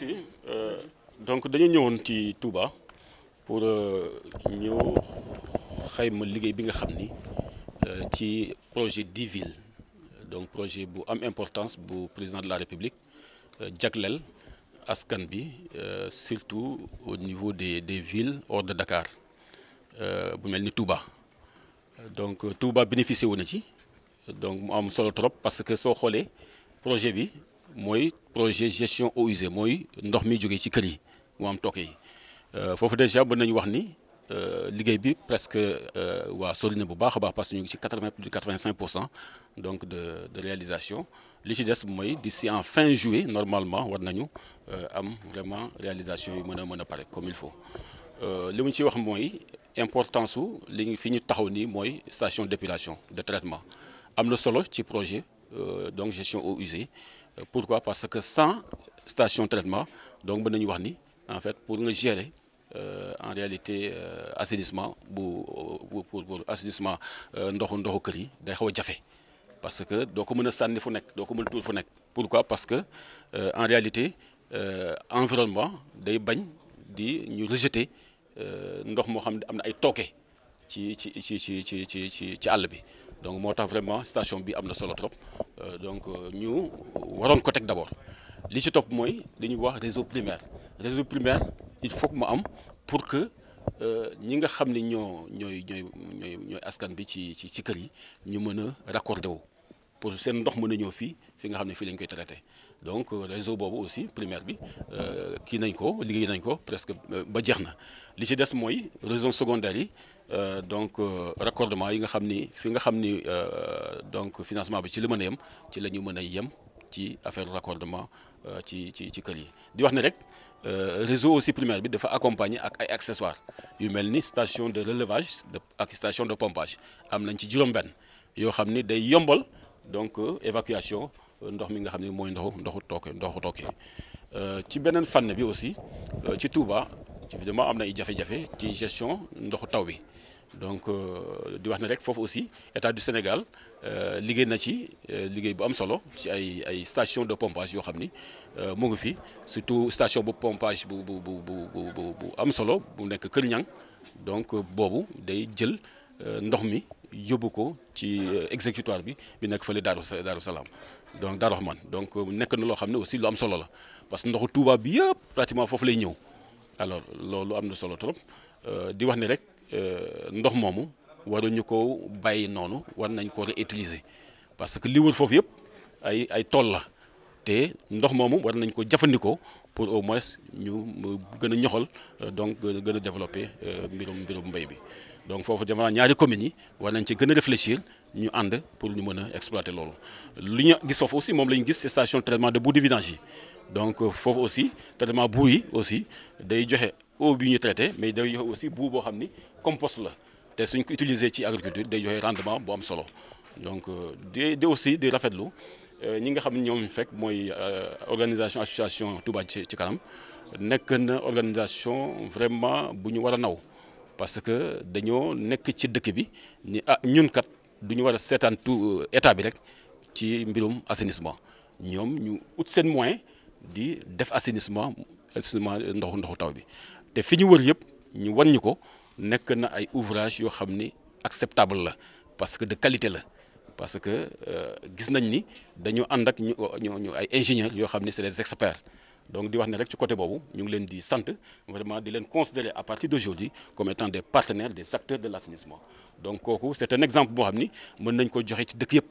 merci euh, donc dañu ñëwoon ci Touba pour euh, ñu xayma liggéey bi nga xam ni euh, ci projet di ville donc projet bu am importance bu président de la République jaglel askan bi surtout au niveau des des villes hors de Dakar bu mel ni Touba donc Touba bénéficier wu na ci donc mu am solo trop parce que soo xoolee projet bi. mooy projet gestion eaux usées mooy ndox mi jógee ci kër yi mu am tooke yi euh, foofu déjà mën nañu wax ni euh, liggéey bi presque euh, waa sori na bu baax a baax parce que ñu ngi ci quatre vingt plus de donc de de réalisation li ci des mooy d'ici en fin juillet normalement war nañu am vraiment réalisation yi mën a mën a pare comme il faut li mu ci wax mooy importance su li fi ñu taxaw nii mooy station d'épilation de traitement am na solo ci projet. Euh, donc gestion eaux usées euh, pourquoi parce que cent station traitement donc mën nañu wax ni en fait pour nga gérer euh, en réalité assainissement bu pour pour assainissement ndoxu ndoxu kër yi day xaw a jafe parce que doo ko mën a sànni fu nekk doo ko mën a tuur fu nekk pourquoi parce que en réalité environnement day bañ di ñu rejeter ndox moo xam ne am na ay tooke ci ci ci ci ci ci ci àll bi donc moo tax vraiment station bi am na solo trop euh, donc euh, ñu waroon ko teg d'abord li ci topp mooy li ñuy wax réseau primaire réseau primaire il faut que mu am pour que euh, ñi nga xam ni ñoo ñooy ñooy ñooy askan bi ci ci ci kër yi ñu mën a raccordé wu. pour seen ndox mën a ñëw fii fi nga xam ne fii lañ koy traité donc euh, réseau boobu aussi primaire bi euh, kii nañ ko liggéey nañ ko presque euh, ba jeex na li ci des mooy réseau secondaire yi donc raccordement yi nga xam ni fi nga xam ni donc financement bi ci la mën a yam ci la ñu mën a yem ci affaire raccordement ci ci ci kër yi di wax ne rek réseau aussi primaire bi dafa accompagner ak ay accessoires yu mel ni station de relevage ak station de pompage am nañ ci juróom-benn yoo xam ni donc euh, évacuation euh, ndox mi nga xam ne mooy ndoxu ndoxu tooke ndoxu tooke euh, ci beneen fànn bi aussi ci Touba évidemment am na ay jafe-jafe ci gestion ndoxu taw bi donc di wax na rek foofu aussi état du Sénégal liggéey na ci liggéey bu am solo ci ay ay station de pompage yoo xam ni mu ngi fi surtout station bu pompage bu bu bu bu bu bu am solo bu nekk Kër Ñang donc boobu day jël. Euh, ndox mi yóbbu ko ci euh, exécutoire bi bi nekk fële Daaru Daaru Salaam donc Daaru man donc euh, nekk na loo xam ne aussi lu am solo la parce que ndoxu Touba bi yëpp pratiquement foofu lay ñëw alors loolu am na solo trop di wax ni rek ndox moomu waruñu ko bàyyi noonu war nañ ko réutiliser parce que li wër foofu yëpp ay ay tool la te ndox moomu war nañ ko jëfandikoo pour au moins ñu gën a ñoxal donc gën a développer mbirum mbirum mbay bi donc foofu jamono ñaari communes yi war nañ ci gën a réfléchir ñu ànd pour ñu mën a exploiter loolu. lu ñu gis foofu aussi moom la gis c'est station de traitement de boue de vidange yi donc foofu aussi traitement boue yi aussi day joxe eau bi ñu traité mais day joxe aussi boue boo xam ni compost la te suñ ko utiliser ci agriculture day joxe rendement bu am solo donc di di aussi di rafetlu euh, ñi nga xam ñoom fekk mooy euh, organisation association Touba ci ci kanam nekk na organisation vraiment bu ñu war a naw. parce que dañoo nekk ci dëkk bi ni ah ñun kat du ñu war a seetaan tout euh, état bi rek ci mbirum assainissement ñoom ñu ut seen moyen di def assainissement assainissement euh, ndoxu ndoxu taw bi te fi ñu wër yëpp ñu wan ñu ko nekk na ay ouvrage yoo xam ni acceptable la parce que de qualité la parce que euh, gis nañ ni dañoo ànd ak ñu ñu ay ingénieurs yoo xam ni c'est des experts donc di wax ne rek ci côté boobu ñu ngi leen di sant vraiment di leen considérer à partir d'aujourd'hui comme étant des partenaires des acteurs de l'assainissement donc kooku c'est un exemple boo xam ni mën nañ ko joxe ci dëkk yëpp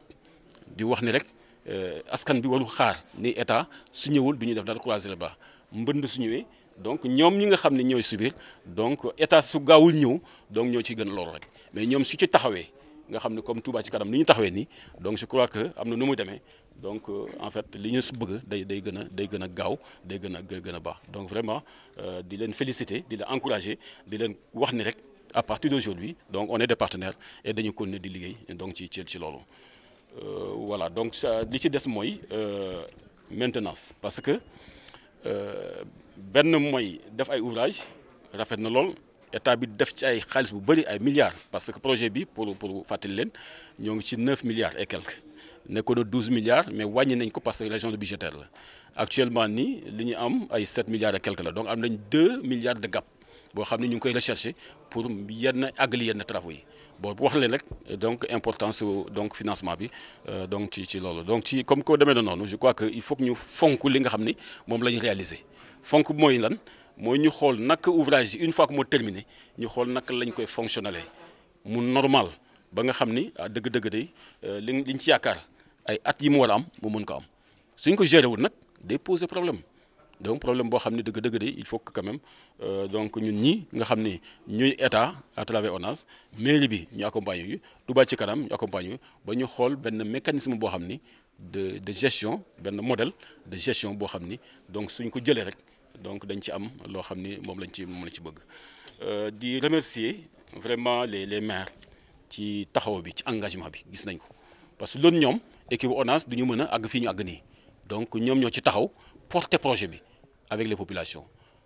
di wax ni rek euh, askan bi waru xaar ni état su ñëwul du ñu def dara croiser ba bras mbënd su ñëwee donc ñoom ñi nga xam ne ñooy subir donc état su gaawul ñëw donc ñoo ciy gën a loolu rek mais ñoom su ci taxawee nga xam ne comme Touba ci kanam ni ñu taxawee nii donc je crois am na nu muy demee donc euh, en fait li ñu su bëgg day day gën a day gën a gaaw day gën a gën a baax donc vraiment euh, di leen félicité di la encourager di leen wax ni rek à partir d'aujourd'hui donc on est des partenaires et dañu continuer di liggéey donc ci ci ci loolu euh, voilà donc li ci des mooy maintenance parce que benn mooy def ay ouvrage rafet na lool état bi def ci ay xaalis bu bëri ay milliards parce que projet bi pour pour fàttali leen ñoo ngi ci 9 milliards et quelques nekkoon na douze milliards mais wàññi nañ ko parce que région de budgétaire la actuellement nii li ñu am ay sept milliards et quelque la donc am nañ deux milliards de gap boo xam ne ñu ngi koy rechercher pour yenn àggali yenn travaux yi bon wax leen rek donc importance donc financement bi euh, donc ci ci loolu donc ci comme ko demee na noonu je crois que il faut que ñu fonk li nga xam ni moom la ñu réaliser fonk mooy lan mooy ñu xool naka ouvrage une fois que moo terminé ñu xool naka lañ koy fonctionner mu normal ba nga xam ni ah, dëgg-dëgg euh, li liñ ci yaakaar. ay at yi mu war am mu mën ko am suñ ko géré wul nag day poser problème donc problème boo xam ne dëgg-dëgg de il faut que quand même euh, donc ñun ñi nga xam ni ñuy état à travers ONAS mairie bi ñu accompagner yu Touba ci kanam ñu accompagner yu ba ñu xool benn mécanisme boo xam ni de de gestion benn modèle de gestion boo xam ni donc suñ ko jëlee rek donc dañ ci am loo xam ni moom lañ ci moom lañ ci bëgg euh, di remercier vraiment les les maire ci taxaw bi ci engagement bi gis nañ ko parce que loolu ñoom. équipe ONAS du ñu mën a àgg fii ñu àgg nii donc ñoom ñoo ci taxaw porter projet bi avec les populations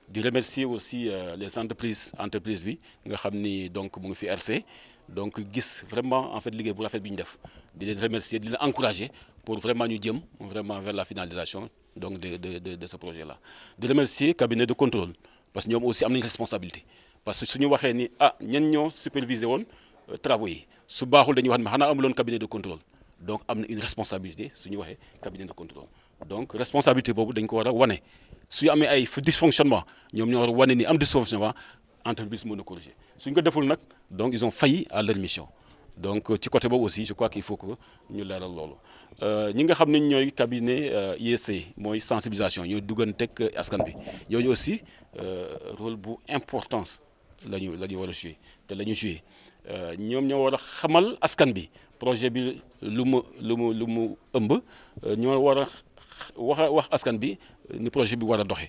di remercier aussi euh, les entreprises entreprise bi nga xam ni donc mu ngi fi RC donc gis vraiment en fait liggéey bu rafet bi ñu def di leen remercier di leen encourager pour vraiment ñu jëm vraiment vers la finalisation donc de de ce projet la di remercier cabinet de contrôle parce que ñoom aussi am nañu responsabilité parce que suñu waxee ni ah ñen ñoo woon euh, travaux yi su baaxul dañuy wax ne xanaa amuloon cabinet de contrôle. donc am na une responsabilité su ñu waxee cabinet de contrôle donc responsabilité boobu dañ ko war a wane su ñu amee ay dysfonctionnement ñoom ñoo war a wane ni am dysfonctionnement entreprise mën na corriger suñ ko deful nag donc ils ont failli à leur mission donc ci côté boobu aussi je crois qu'il faut que ñu leeral loolu euh, ñi nga xam ne ñooy cabinet euh, IEC mooy sensibilisation ñooy dugganteeg askan bi ñooñu aussi euh, rôle bu importance la ñu la ñu war a te la ñu jouer ñoom ñoo war a xamal askan bi. projet bi lu mu lu mu lu mu ëmb euh, ñoo war a wax wax askan bi euh, ni projet bi war a doxe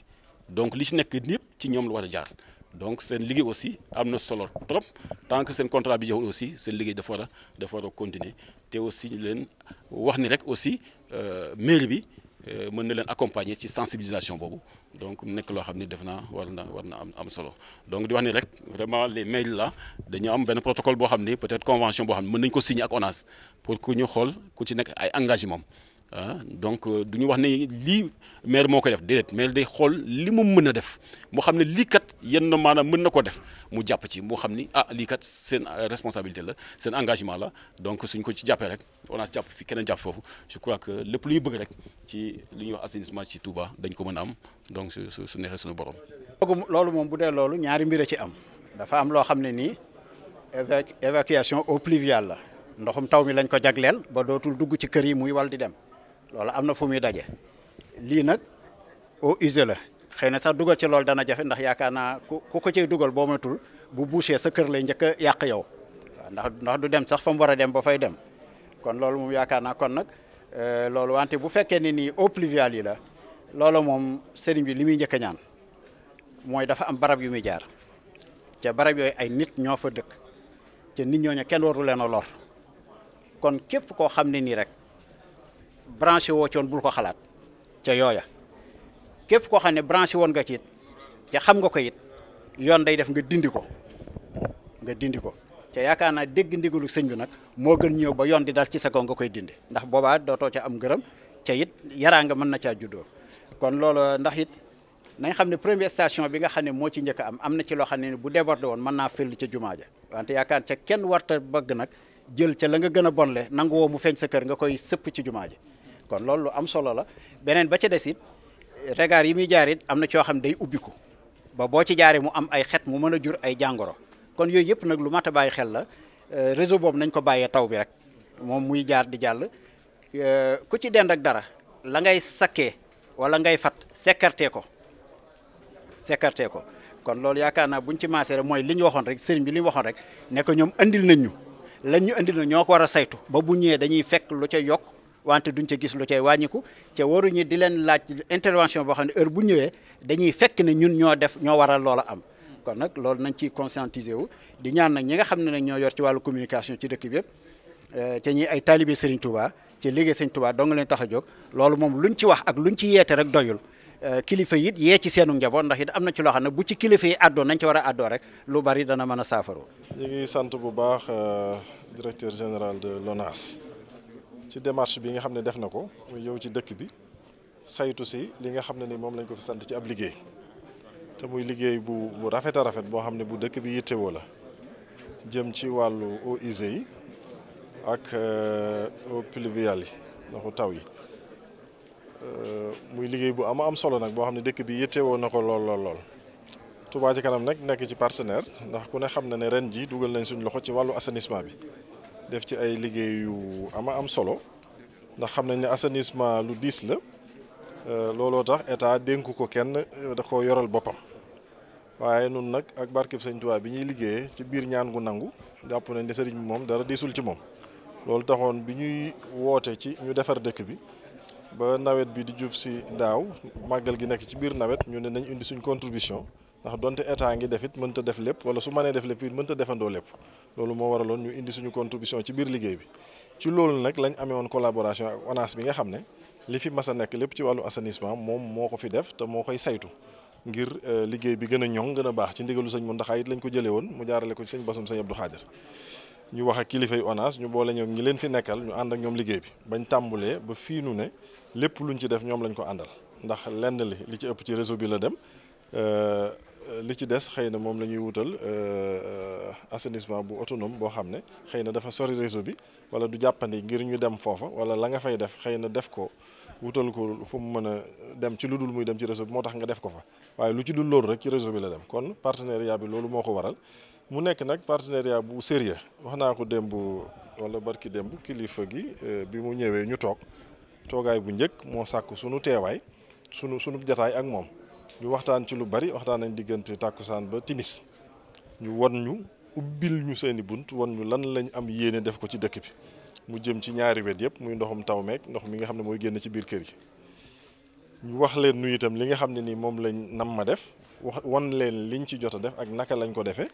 donc li ci nekk ñëpp ci ñoom lu war a jaar donc seen liggéey aussi am na solo trop tant que seen contrat bi jeexul aussi seen liggéey dafa war a dafa war a continuer te aussi ñu leen wax ni rek aussi euh, mairie bi. Euh, mën na leen accompagner ci sensibilisation boobu donc mu nekk loo xam ni def naa war na war na am am solo donc di wax ni rek vraiment les mails la dañu am benn protocole boo xam ni peut-être convention boo xam ni mën nañu ko signer ak ONAS pour ku ñu xool ku ci nekk ay engagement ah donc euh, du ñu wax ni lii maire moo koy def déedéet maire day xool li mu mën a def moo xam ne lii kat yenn maanaam mën na ko def mu jàpp ci moo xam ni ah lii kat seen euh, responsabilité la seen engagement la donc suñ ko ci jàppee rek on a fi keneen jàpp foofu je crois que lépp lu bëgg rek ci ñuy wax assainissement ci dañ ko mën a am donc su su su neexee suñu borom. loolu moom bu dee loolu ñaari mbir a ci am dafa am loo xam ne nii évacuation au pluviale la ndoxum taw mi lañ ko jagleel ba dootul dugg ci kër yi muy wal di dem. loolu am na fu muy daje lii nag eau usée la xëy na sax dugal ci loolu dana jafe ndax yaakaar naa ku ku ko cay dugal boo matul bu buuse sa kër lay njëkk a yàq yow ndax ndax du dem sax fa mu war a dem ba fay dem kon loolu moom yaakaar na kon nag euh, loolu wante bu fekkee ne nii eaux pluviales yi la loolu moom sëriñ bi li muy njëkk ñaan mooy dafa am barab yu muy jaar ca barab yooyu ay nit ñoo fa dëkk ca nit ñooñu kenn waru leen a lor kon képp koo xam ne nii rek. branché woo coon bul ko xalaat ca yooya képp koo xam ne branché woon nga ci it ca xam nga ko it yoon day def nga dindi ko nga dindi ko ca yaakaar naa dégg ndigalu sëñ bi nag moo gën ñëw ba yoon di dal ci sa ko nga koy dindi ndax boobaa dootoo ca am ngërëm ca it yaraa nga mën na caa juddoo kon loolu ndax it nañ xam ne première station bi nga xam ne moo ci njëkk am am na ci loo xam ne bu débordé woon mën naa fël ca jumaa ja wante yaakaar ca kenn warta bëgg nag jël ca la nga gën a bonle nangu mu feeñ sa kër nga koy sëpp ci jumaa ji kon loolu lu am solo la beneen ba ca des it regard yi muy jaar it am na coo xam day ubbiku ba boo ci jaaree mu am ay xet mu mën a jur ay jàngoro kon yooyu yëpp nag lu mat a bàyyi xel la euh, réseau boobu nañ ko bàyyee taw bi rek moom muy jaar di jàll euh, ku ci dend ak dara la ngay sakkee wala ngay fat sekkartee ko sekkartee ko kon loolu yaakaar naa buñ ci maasee rek mooy li ñu waxoon rek sëriñ bi li waxoon rek ne ñoom indil nañ ñu lañ ñu andil na ñoo ko war a saytu ba bu ñëwee dañuy fekk lu ca yokk wante duñ ca gis lu ci cay wàññiku waru waruñu di leen laaj intervention boo xam ne heure bu ñëwee dañuy fekk ne ñun ñoo def ñoo waral loola am kon nag loolu nañ ciy conscientiser wu di ñaan nag ñi nga xam ne nag ñoo yor ci wàllu communication ci dëkk bi yëpp eh, te ñi ay taalibe Serigne Touba ci liggéey Serigne Touba dong leen tax a jóg loolu moom lu ñu ci wax ak luñ ci yeete rek doyul eh, kilifa yit yee ci seenu njaboot ndax it am na ci loo xam ne bu ci kilifa yi àddoo nañ ci war a rek lu bari dana mën a saafaru ñu bu baax eh, directeur général de l'ONAS ci démarche bi nga xam ne def na ko muy yow ci dëkk bi saytu si li nga xam ne ni moom lañ ko fi sant ci ab liggéey te muy liggéey bu bu rafet rafet boo xam ne bu dëkk bi yittewoo la jëm ci wàllu eaux yi ak euh, eaux pluviales yi ndoxu taw yi euh, muy liggéey bu am am solo nag boo xam ne dëkk bi yittewoo na ko lool lool lool. Touba ci kanam nag nekk ci partenaire ndax ku ne xam na ne ren ji dugal nañ suñu loxo ci wàllu assainissement bi. def ci ay liggéey yu ama am solo ndax xam nañ ne assainissement lu diis la euh, looloo tax état dénku ko kenn euh, da ko yoral boppam waaye nun nag ak barkeb Sëñ Tuubaa bi ñuy liggéeyee ci biir ñaan gu nangu jàpp nañ ne sëriñ bi moom dara diisul ci moom loolu taxoon bi ñuy woote ci ñu defar dëkk bi ba nawet bi di jub si daaw màggal gi nekk ci biir nawet ñu ne nañ indi suñ contribution ndax donte état ngi def it mënta def lépp wala su mënee def lépp it mënta defandoo lépp loolu moo waraloon ñu indi suñu contribution ci biir liggéey bi ci loolu nag lañ amee woon collaboration ak ONAS bi nga xam ne li fi mas a nekk lépp ci wàllu assainissement moom moo ko fi def te moo koy saytu ngir euh, liggéey bi gën a ñoŋ gën a baax ci ndigalu sañ sëñ Mountakha it lañ ko jëlee woon mu jaarale ko ci sëñ Basum sëñ Abdou Khadir ñu wax ak kilifay ONAS ñu boole ñoom ñi leen fi nekkal ñu ànd ak liggéey bi bañ tàmbulee ba fii nu ne lépp luñ ci def ñoom lañ ko àndal ndax lenn li li ci ëpp ci réseau bi la dem euh, Euh, li ci des xëy na moom la ñuy wutal euh, euh, assainissement bu autonome boo xam ne xëy na dafa sori réseau bi wala du jàppandi ngir ñu dem foofa wala la nga fay def xëy na def ko wutal ko fu mu mën a dem ci lu dul muy dem ci réseau bi moo tax nga def ko fa waaye lu ci dul loolu rek ci réseau bi la dem kon partenariat bi loolu moo ko waral mu nekk nag partenariat bu sérieux wax naa ko démb wala barki démb kilifa gi bi mu ñëwee ñu toog toogaay bu njëkk moo sàkk sunu teewaay sunu sunu jataay ak moom. ñu waxtaan ci lu bari waxtaan nañ diggante tàkkusaan ba timis ñu won ñu ubbil ñu seeni bunt won ñu lan lañ am yéene def ko ci dëkk bi mu jëm ci ñaari wet yëpp muy ndoxum taw meeg ndox mi nga xam ne mooy génn ci biir kër ñu wax leen nu itam li nga xam ne ni moom lañ nam ma def wax won leen liñ ci jot a def ak naka lañ ko defee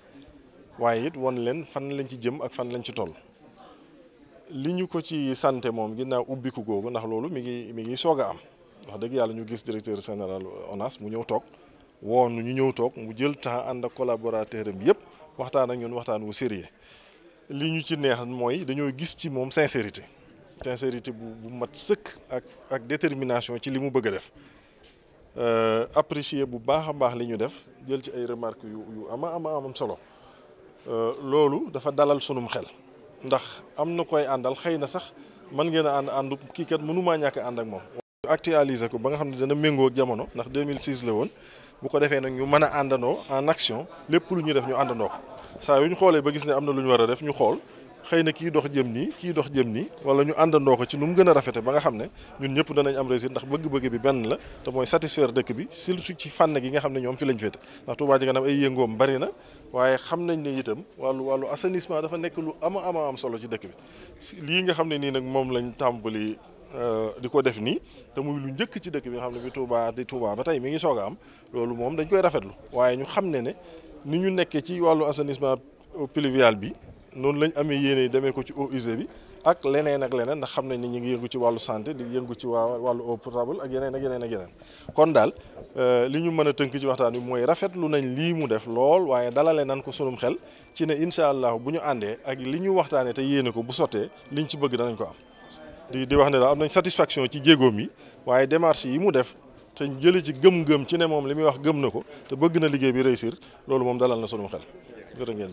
waaye it won leen fan lañ ci jëm ak fan lañ ci toll li ñu ko ci sante moom ginnaaw ubbiku googu ndax loolu mi ngi mi ngi soog a am wax dëgg yàlla ñu gis directeur général ONAS mu ñëw toog woon ñu ñëw toog mu jël temps ànd ak collaborateur am yëpp waxtaan ak ñun waxtaan wu sérieux li ñu ci neex mooy dañoo gis ci moom sincérité sincérité bu bu mat sëkk ak ak détermination ci li mu bëgg a def euh, apprécier bu baax a baax li ñu def jël ci ay remarques yu yu ama ama am solo euh, loolu dafa dalal sunum xel ndax am na koy àndal xëy na sax man ngeen a ànd àndu kii kat mënumaa ñàkk ànd ak moom actualiser ko ba nga xam ne dana méngoo ak jamono ndax 2006 la woon bu ko defee nag ñu mën a àndandoo en action lépp lu ñuy def ñu àndandoo ko saa yu ñu xoolee ba gis ne am na lu ñu war a def ñu xool xëy na kii dox jëm nii kii dox jëm nii wala ñu àndandoo ko ci nu mu gën a rafete ba nga xam ne ñun ñëpp danañ am réussite ndax bëgg-bëgg bi benn la te mooy satisfaire dëkk bi si surtout ci fànn gi nga xam ne ñoom fi lañ féete ndax Touba Ca Kanam ay yëngoom bari na waaye xam nañ ne itam wàllu wàllu assainissement dafa nekk lu ama ama am solo ci dëkk bi lii nga xam ne nii nag moom lañ tàmbali Euh, di ko def nii te muy lu njëkk ci dëkk bi nga xam ne bi Touba di Touba ba tey mi ngi soog a am loolu moom dañ koy rafetlu waaye ñu xam ne ne ni ñu nekkee ci wàllu assainissement pluvial bi noonu lañ amee yéene demee ko ci eaux usées bi ak leneen ak leneen ndax xam nañ ni ñu ngi yëngu ci wàllu santé di yëngu ci waa wàllu eau potable ak yeneen ak yeneen ak yeneen kon daal euh, li ñu mën a tënk ci waxtaan bi mooy rafetlu nañ lii mu def lool waaye dalale nan ko sunum xel ci ne incha allah bu ñu àndee ak li ñu waxtaanee te yéene ko bu sottee liñ ci bëgg danañ ko di di wax ne daal am nañ satisfaction ci jéegoom yi waaye démarche yi mu def te jëli ci gëm-gëm ci ne moom li muy wax gëm na ko te bëgg na liggéey bi réussir loolu moom dalal na sunu xel jërë ngeen